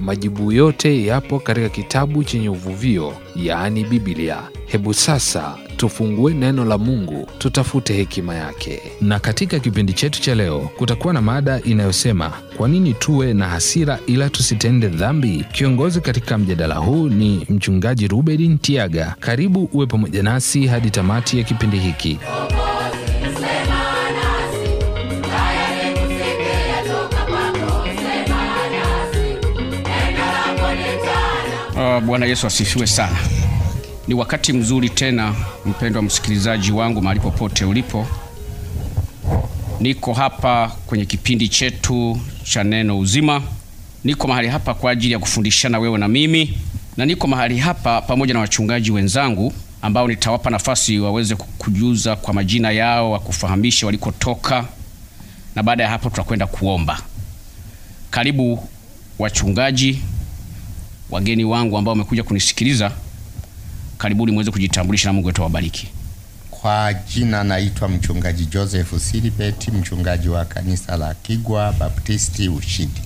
Majibu yote yapo katika kitabu chenye uvuvio, yaani Biblia. Hebu sasa tufungue neno la Mungu, tutafute hekima yake. Na katika kipindi chetu cha leo kutakuwa na mada inayosema kwa nini tuwe na hasira ila tusitende dhambi? Kiongozi katika mjadala huu ni mchungaji Ruben Ntiaga. Karibu uwe pamoja nasi hadi tamati ya kipindi hiki. Uh, Bwana Yesu asifiwe sana. Ni wakati mzuri tena, mpendwa msikilizaji wangu, mahali popote ulipo, niko hapa kwenye kipindi chetu cha neno uzima. Niko mahali hapa kwa ajili ya kufundishana wewe na mimi, na niko mahali hapa pamoja na wachungaji wenzangu ambao nitawapa nafasi waweze kujuza kwa majina yao, wakufahamishe walikotoka, na baada ya hapo tutakwenda kuomba. Karibu wachungaji wageni wangu ambao wamekuja kunisikiliza, karibuni muweze kujitambulisha na Mungu wetu atawabariki. Kwa jina naitwa mchungaji Joseph Silibeti, mchungaji wa kanisa la Kigwa Baptisti Ushindi.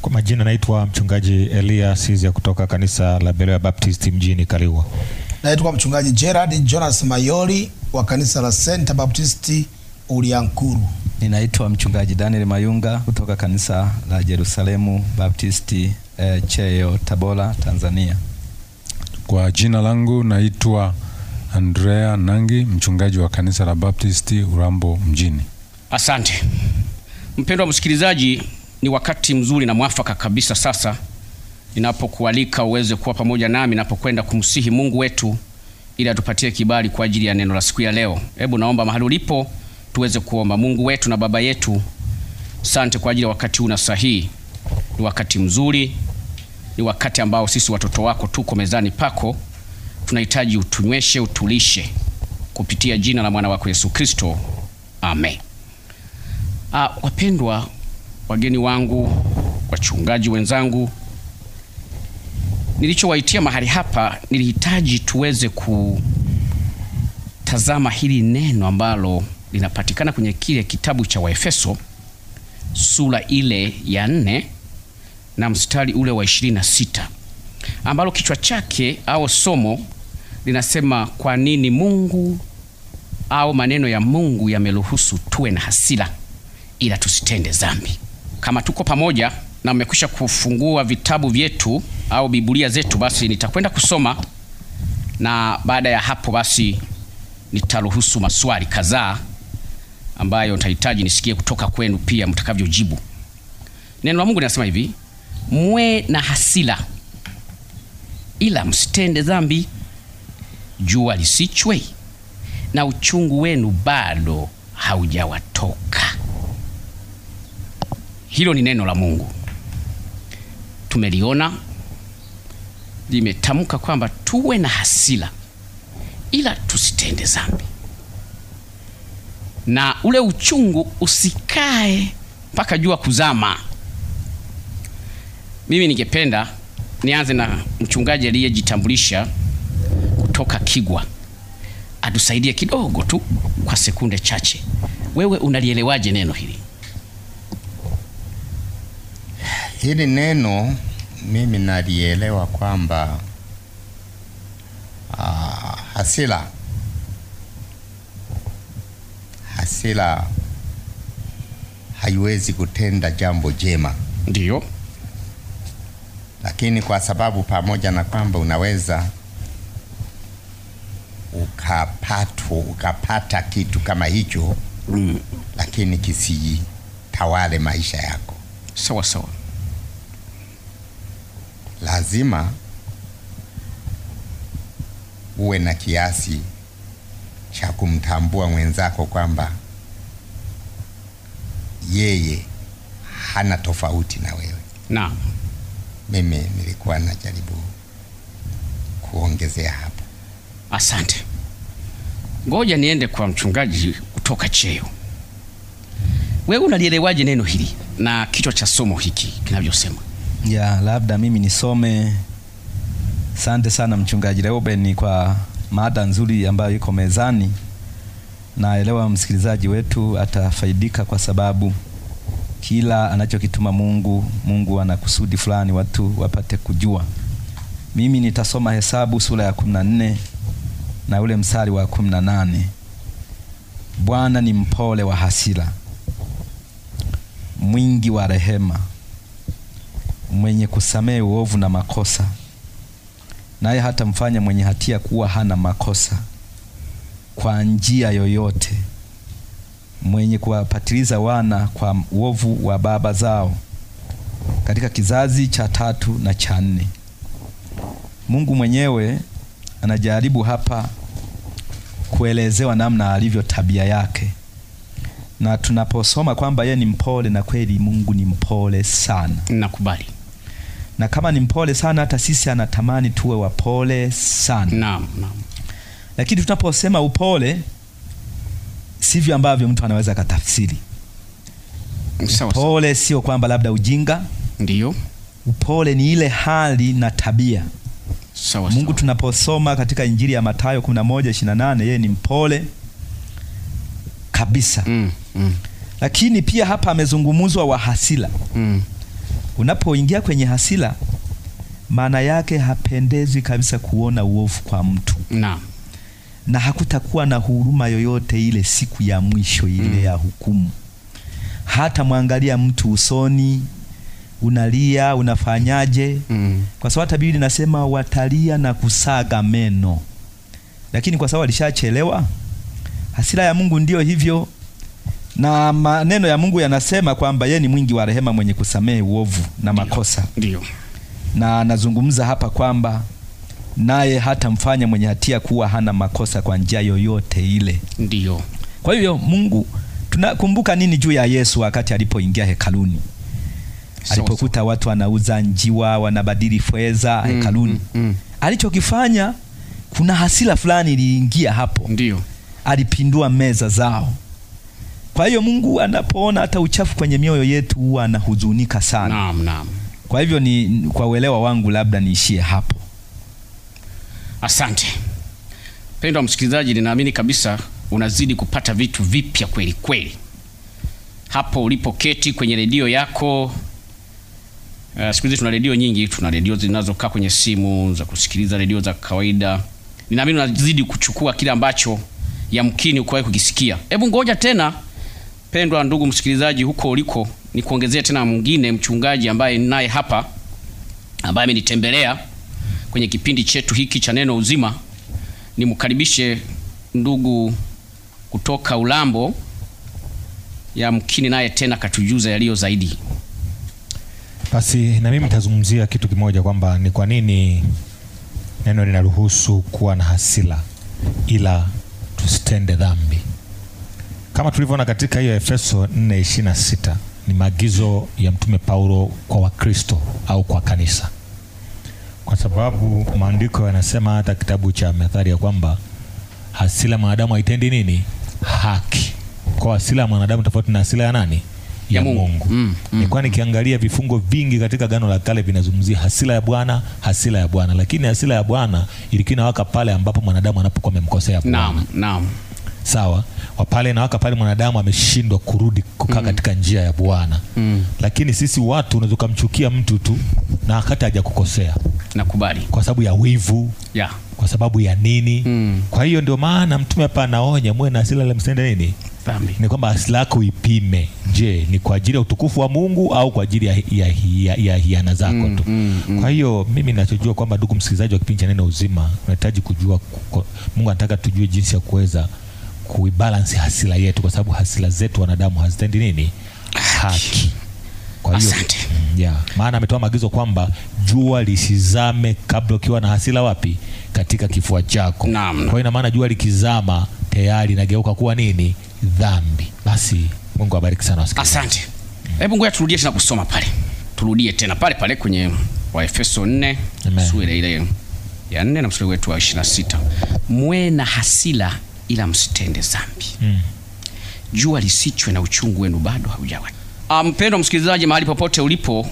Kwa majina naitwa mchungaji Elia Sizia kutoka kanisa la Beloya Baptisti mjini Kaliwa. Naitwa mchungaji Gerard Jonas Mayori wa kanisa la Senta Baptisti Uliankuru. Ninaitwa mchungaji Daniel Mayunga kutoka kanisa la Jerusalemu Baptisti e, eh, Cheyo, Tabora, Tanzania. Kwa jina langu naitwa Andrea Nangi, mchungaji wa kanisa la Baptisti Urambo mjini. Asante mpendwa msikilizaji, ni wakati mzuri na mwafaka kabisa sasa ninapokualika uweze kuwa pamoja nami napokwenda kumsihi Mungu wetu ili atupatie kibali kwa ajili ya neno la siku ya leo. Hebu naomba mahali ulipo tuweze kuomba. Mungu wetu na Baba yetu, sante kwa ajili ya wakati huu na sahihi, ni wakati mzuri ni wakati ambao sisi watoto wako tuko mezani pako, tunahitaji utunyweshe, utulishe kupitia jina la mwana wako Yesu Kristo, amen. Ah, wapendwa wageni wangu, wachungaji wenzangu, nilichowaitia mahali hapa, nilihitaji tuweze kutazama hili neno ambalo linapatikana kwenye kile kitabu cha Waefeso sura ile ya nne na mstari ule wa 26 ambalo kichwa chake au somo linasema kwa nini Mungu au maneno ya Mungu yameruhusu tuwe na hasira ila tusitende dhambi. Kama tuko pamoja na mmekwisha kufungua vitabu vyetu au Biblia zetu, basi nitakwenda kusoma na baada ya hapo basi nitaruhusu maswali kadhaa ambayo nitahitaji nisikie kutoka kwenu pia mtakavyojibu. Neno la Mungu linasema hivi: mwe na hasila, ila msitende dhambi, jua lisichwe na uchungu wenu bado haujawatoka. Hilo ni neno la Mungu, tumeliona limetamka kwamba tuwe na hasila ila tusitende dhambi, na ule uchungu usikae mpaka jua kuzama. Mimi ningependa nianze na mchungaji aliyejitambulisha kutoka Kigwa, atusaidie kidogo tu kwa sekunde chache. Wewe unalielewaje neno hili? Hili neno mimi nalielewa kwamba uh, hasira hasira haiwezi kutenda jambo jema. ndio lakini kwa sababu pamoja na kwamba unaweza ukapatwa ukapata kitu kama hicho mm. lakini kisitawale maisha yako sawa sawa. Lazima uwe na kiasi cha kumtambua mwenzako kwamba yeye hana tofauti na wewe. Naam mimi nilikuwa najaribu kuongezea hapo. Asante, ngoja niende kwa mchungaji kutoka cheo. Wewe unalielewaje neno hili na kichwa cha somo hiki kinavyosema? Ya, labda mimi nisome. sante sana mchungaji Reuben kwa mada nzuri ambayo iko mezani. Naelewa msikilizaji wetu atafaidika kwa sababu kila anachokituma Mungu, Mungu ana kusudi fulani watu wapate kujua. Mimi nitasoma Hesabu sura ya 14 na ule msali wa 18. Bwana ni mpole wa hasira, mwingi wa rehema, mwenye kusamehe uovu na makosa, naye hata mfanya mwenye hatia kuwa hana makosa kwa njia yoyote mwenye kuwapatiliza wana kwa uovu wa baba zao katika kizazi cha tatu na cha nne. Mungu mwenyewe anajaribu hapa kuelezewa namna alivyo tabia yake, na tunaposoma kwamba yeye ni mpole, na kweli Mungu ni mpole sana. Nakubali. Na kama ni mpole sana, hata sisi anatamani tuwe wapole sana. Naam, naam. Lakini tunaposema upole sivyo ambavyo mtu anaweza akatafsiri. Upole sio kwamba labda ujinga, ndio upole ni ile hali na tabia sawa. Mungu tunaposoma katika Injili ya Mathayo 11:28 yeye ni mpole kabisa mm, mm. Lakini pia hapa amezungumzwa wa hasila mm. Unapoingia kwenye hasila, maana yake hapendezi kabisa kuona uovu kwa mtu na na hakutakuwa na huruma yoyote ile siku ya mwisho ile mm. ya hukumu. Hata mwangalia mtu usoni, unalia, unafanyaje? mm. kwa sababu hata Biblia inasema watalia na kusaga meno, lakini kwa sababu alishachelewa. Hasira ya Mungu ndiyo hivyo, na maneno ya Mungu yanasema kwamba yeye ni mwingi wa rehema, mwenye kusamehe uovu na makosa. Ndiyo. na anazungumza hapa kwamba naye hata mfanya mwenye hatia kuwa hana makosa kwa njia yoyote ile. Ndio. Kwa hiyo Mungu, tunakumbuka nini juu ya Yesu wakati alipoingia hekaluni? So, Alipokuta so, watu wanauza njiwa, wanabadili fedha mm, hekaluni mm, mm. Alichokifanya, kuna hasira fulani iliingia hapo. Ndio. Alipindua meza zao. Kwa hiyo Mungu anapoona hata uchafu kwenye mioyo yetu huwa anahuzunika sana. Naam, naam. Kwa hivyo ni kwa uelewa wangu labda niishie hapo. Asante mpendwa msikilizaji, ninaamini kabisa unazidi kupata vitu vipya kweli kweli hapo ulipoketi kwenye redio yako. Uh, siku hizi tuna redio nyingi, tuna redio zinazokaa kwenye simu za kusikiliza, redio za kawaida. Ninaamini unazidi kuchukua kile ambacho yamkini ukuwahi kukisikia. Hebu ngoja tena, pendwa ndugu msikilizaji, huko uliko, nikuongezea tena mwingine mchungaji ambaye naye hapa ambaye amenitembelea kwenye kipindi chetu hiki cha neno uzima, nimkaribishe ndugu kutoka Ulambo, ya mkini naye tena katujuza yaliyo zaidi. Basi na mimi nitazungumzia kitu kimoja, kwamba ni kwa nini neno linaruhusu kuwa na hasira ila tusitende dhambi. Kama tulivyoona katika hiyo Efeso 4:26 ni maagizo ya Mtume Paulo kwa Wakristo au kwa kanisa kwa sababu maandiko yanasema hata kitabu cha Methali ya kwamba hasila mwanadamu haitendi nini haki, kwa hasila ya mwanadamu tofauti na hasila ya nani ya Mungu. Mm, mm, ni nikiangalia vifungo vingi katika gano la Kale vinazungumzia hasila ya Bwana, hasila ya Bwana, lakini hasila ya Bwana ilikuwa inawaka pale ambapo mwanadamu anapokuwa amemkosea Bwana. Naam, naam sawa wapale na waka pale mwanadamu ameshindwa kurudi kukaa mm. katika njia ya Bwana mm. lakini sisi watu unaweza kumchukia mtu tu na wakati kukosea nakubali kwa sababu ya wivu yeah. kwa sababu ya nini mm. kwa hiyo ndio maana mtume hapa anaonya muwe na asila ile msende nini Dhambi. ni kwamba asila yako ipime je ni kwa ajili ya utukufu wa mungu au kwa ajili ya, ya, ya, ya hiana zako mm, tu mm, mm. kwa hiyo mimi nachojua kwamba ndugu msikilizaji wa kipindi cha neno uzima unahitaji kujua kuko, mungu anataka tujue jinsi ya kuweza kuibalance hasila yetu, kwa sababu hasila zetu wanadamu hazitendi nini? Haki. Kwa hiyo mm, yeah. Maana ametoa maagizo kwamba jua lisizame kabla ukiwa na hasila wapi, katika kifua chako. Kwa hiyo ina maana jua likizama tayari inageuka kuwa nini? Dhambi. Basi Mungu abariki sana wasikilizaji. Asante. Hebu ngoja turudie tena kusoma pale, turudie tena pale pale kwenye Waefeso 4 sura ile ya 4 na mstari wetu wa 26, mwe na hasila ila msitende zambi mm. jua lisichwe na uchungu wenu bado haujawa ah, mpendo msikilizaji mahali popote ulipo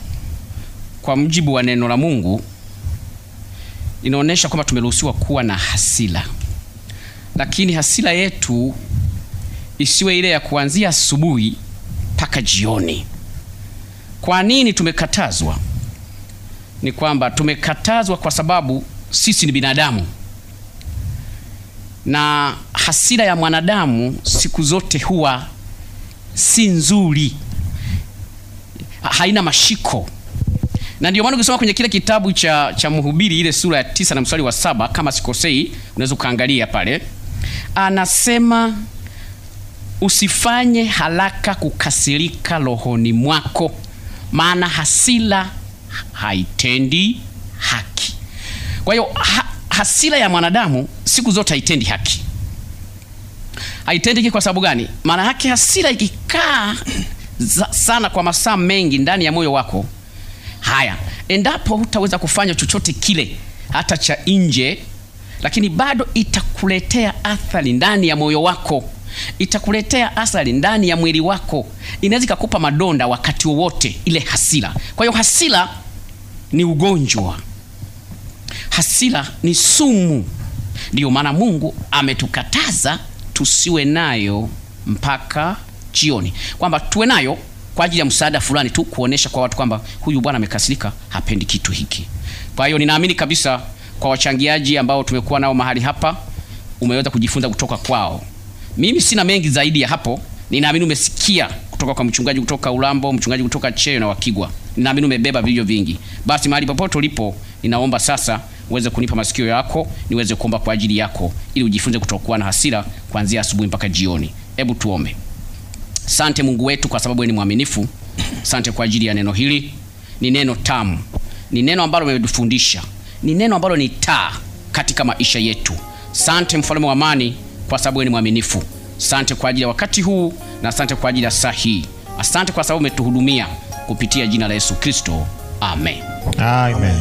kwa mjibu wa neno la mungu inaonyesha kwamba tumeruhusiwa kuwa na hasila lakini hasila yetu isiwe ile ya kuanzia asubuhi mpaka jioni kwa nini tumekatazwa ni kwamba tumekatazwa kwa sababu sisi ni binadamu na hasira ya mwanadamu siku zote huwa si nzuri, haina mashiko, na ndio maana ukisoma kwenye kile kitabu cha, cha Mhubiri ile sura ya tisa na mstari wa saba kama sikosei, unaweza ukaangalia pale, anasema usifanye haraka kukasirika rohoni mwako, maana hasira haitendi haki. Kwa hiyo ha hasira ya mwanadamu siku zote haitendi haki. Haitendi kwa sababu gani? Maana yake hasira ikikaa sana kwa masaa mengi ndani ya moyo wako, haya, endapo hutaweza kufanya chochote kile hata cha nje, lakini bado itakuletea athari ndani ya moyo wako, itakuletea athari ndani ya mwili wako, inaweza ikakupa madonda wakati wowote ile hasira. Kwa hiyo hasira ni ugonjwa. Hasira ni sumu, ndiyo maana Mungu ametukataza tusiwe nayo mpaka jioni, kwamba tuwe nayo kwa ajili ya msaada fulani tu, kuonesha kwa watu kwamba huyu bwana amekasirika, hapendi kitu hiki. Kwa hiyo ninaamini kabisa kwa wachangiaji ambao tumekuwa nao mahali hapa, umeweza kujifunza kutoka kwao. Mimi sina mengi zaidi ya hapo. Ninaamini umesikia kutoka kwa mchungaji kutoka Ulambo, mchungaji kutoka Cheyo na Wakigwa. Ninaamini umebeba vilivyo vingi. Basi mahali popote ulipo, ninaomba sasa uweze kunipa masikio yako niweze kuomba kwa ajili yako, ili ujifunze kutokuwa na hasira kuanzia asubuhi mpaka jioni. Hebu tuombe. Sante Mungu wetu, kwa sababu ni mwaminifu. Sante kwa ajili ya neno hili, ni neno tamu, ni neno ambalo umetufundisha, ni neno ambalo ni taa katika maisha yetu. Sante mfalme wa amani, kwa sababu ni mwaminifu. Sante kwa ajili ya wakati huu na sante kwa ajili ya saa hii. Asante kwa sababu umetuhudumia kupitia jina la Yesu Kristo, amen, amen, amen.